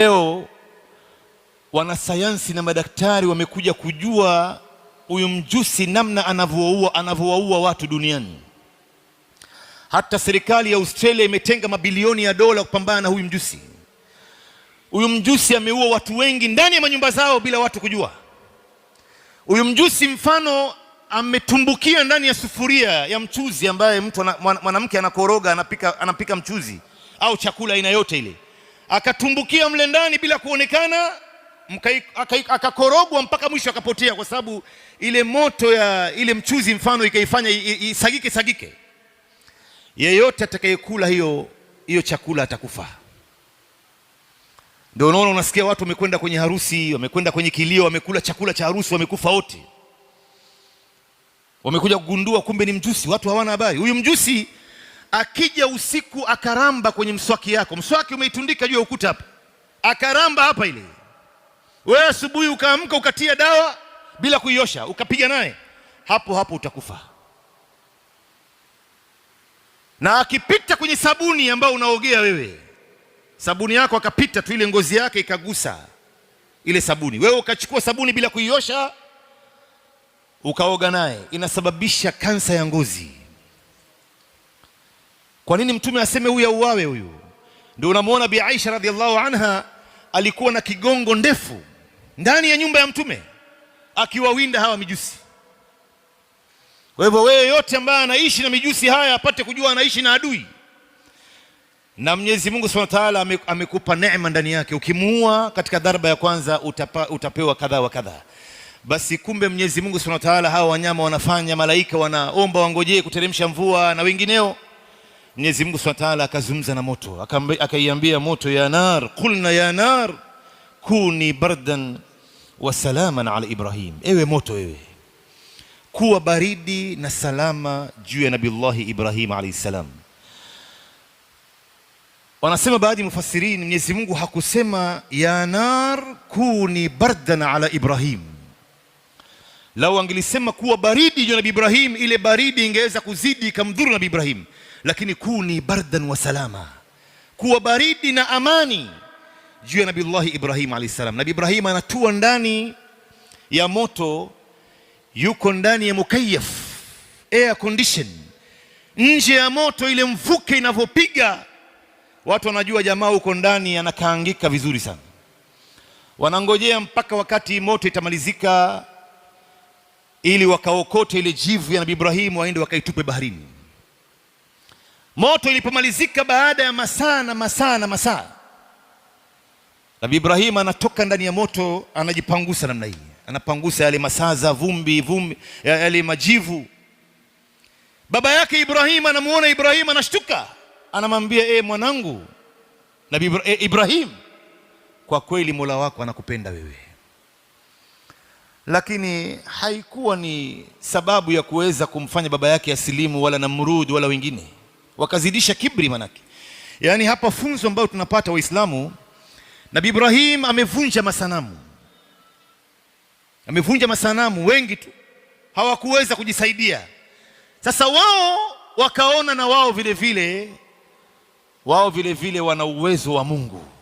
Leo wanasayansi na madaktari wamekuja kujua huyu mjusi namna anavyowaua anavyowaua watu duniani. Hata serikali ya Australia imetenga mabilioni ya dola kupambana na huyu mjusi. Huyu mjusi ameua watu wengi ndani ya manyumba zao bila watu kujua. Huyu mjusi mfano ametumbukia ndani ya sufuria ya mchuzi ambaye mtu mwanamke anakoroga anapika, anapika mchuzi au chakula aina yote ile akatumbukia mle ndani bila kuonekana, akakorogwa mpaka mwisho akapotea, kwa sababu ile moto ya ile mchuzi mfano ikaifanya isagike sagike. Yeyote atakayekula hiyo hiyo chakula atakufa. Ndio unaona unasikia watu wamekwenda kwenye harusi, wamekwenda kwenye kilio, wamekula chakula cha harusi, wamekufa wote. Wamekuja kugundua kumbe ni mjusi, watu hawana habari. Huyu mjusi akija usiku akaramba kwenye mswaki yako, mswaki umeitundika juu ya ukuta hapa, akaramba hapa ile, wewe asubuhi ukaamka ukatia dawa bila kuiosha ukapiga naye, hapo hapo utakufa. Na akipita kwenye sabuni ambayo unaogea wewe, sabuni yako akapita tu, ile ngozi yake ikagusa ile sabuni, wewe ukachukua sabuni bila kuiosha ukaoga naye, inasababisha kansa ya ngozi. Kwa nini mtume aseme huyu auawe huyu? Ndio unamwona Bi Aisha radhiallahu anha alikuwa na kigongo ndefu ndani ya nyumba ya mtume akiwawinda hawa mijusi. Kwa hivyo wewe yote ambaye anaishi na mijusi haya apate kujua anaishi na adui, na Mwenyezi Mungu Subhanahu wa Ta'ala amekupa neema ndani yake. Ukimuua katika dharba ya kwanza utapa, utapewa kadha wa kadha. Basi kumbe Mwenyezi Mungu Subhanahu wa Ta'ala hawa wanyama wanafanya malaika wanaomba wangojee kuteremsha mvua na wengineo Mwenyezi Mungu Subhanahu wa Ta'ala akazungumza na moto, akaiambia moto, ya nar kulna ya nar kuni bardan wa salaman ala Ibrahim, ewe moto, wewe kuwa baridi na salama juu ya Nabiullahi Ibrahim alayhi salam. Wanasema baadhi ya mufasirini Mwenyezi Mungu hakusema ya nar kuni bardan ala Ibrahim. Lau angelisema kuwa baridi juu ya Nabii Ibrahim, ile baridi ingeweza kuzidi ikamdhuru Nabii Ibrahim lakini kuni bardan wa salama, kuwa baridi na amani juu ya Nabiullahi Ibrahim alayhi salam. Nabii Ibrahim anatua ndani ya moto, yuko ndani ya mukayaf air condition, nje ya moto, ile mvuke inavyopiga watu wanajua jamaa huko ndani anakaangika vizuri sana. Wanangojea mpaka wakati moto itamalizika, ili wakaokote ile jivu ya Nabii Ibrahim waende wakaitupe baharini. Moto ilipomalizika baada ya masaa na masaa na masaa, Nabii Ibrahim anatoka ndani ya moto, anajipangusa namna hii, anapangusa yale masaza, vumbi vumbi, yale majivu. Baba yake Ibrahim anamuona Ibrahim, anashtuka, anamwambia e, mwanangu Nabii eh, Ibrahim, kwa kweli Mola wako anakupenda wewe. Lakini haikuwa ni sababu ya kuweza kumfanya baba yake asilimu, wala Namrud wala wengine wakazidisha kibri manake. Yaani hapa funzo ambayo tunapata Waislamu, Nabii Ibrahim amevunja masanamu, amevunja masanamu wengi tu hawakuweza kujisaidia. Sasa wao wakaona na wao vile vile, wao vile vile wana uwezo wa Mungu.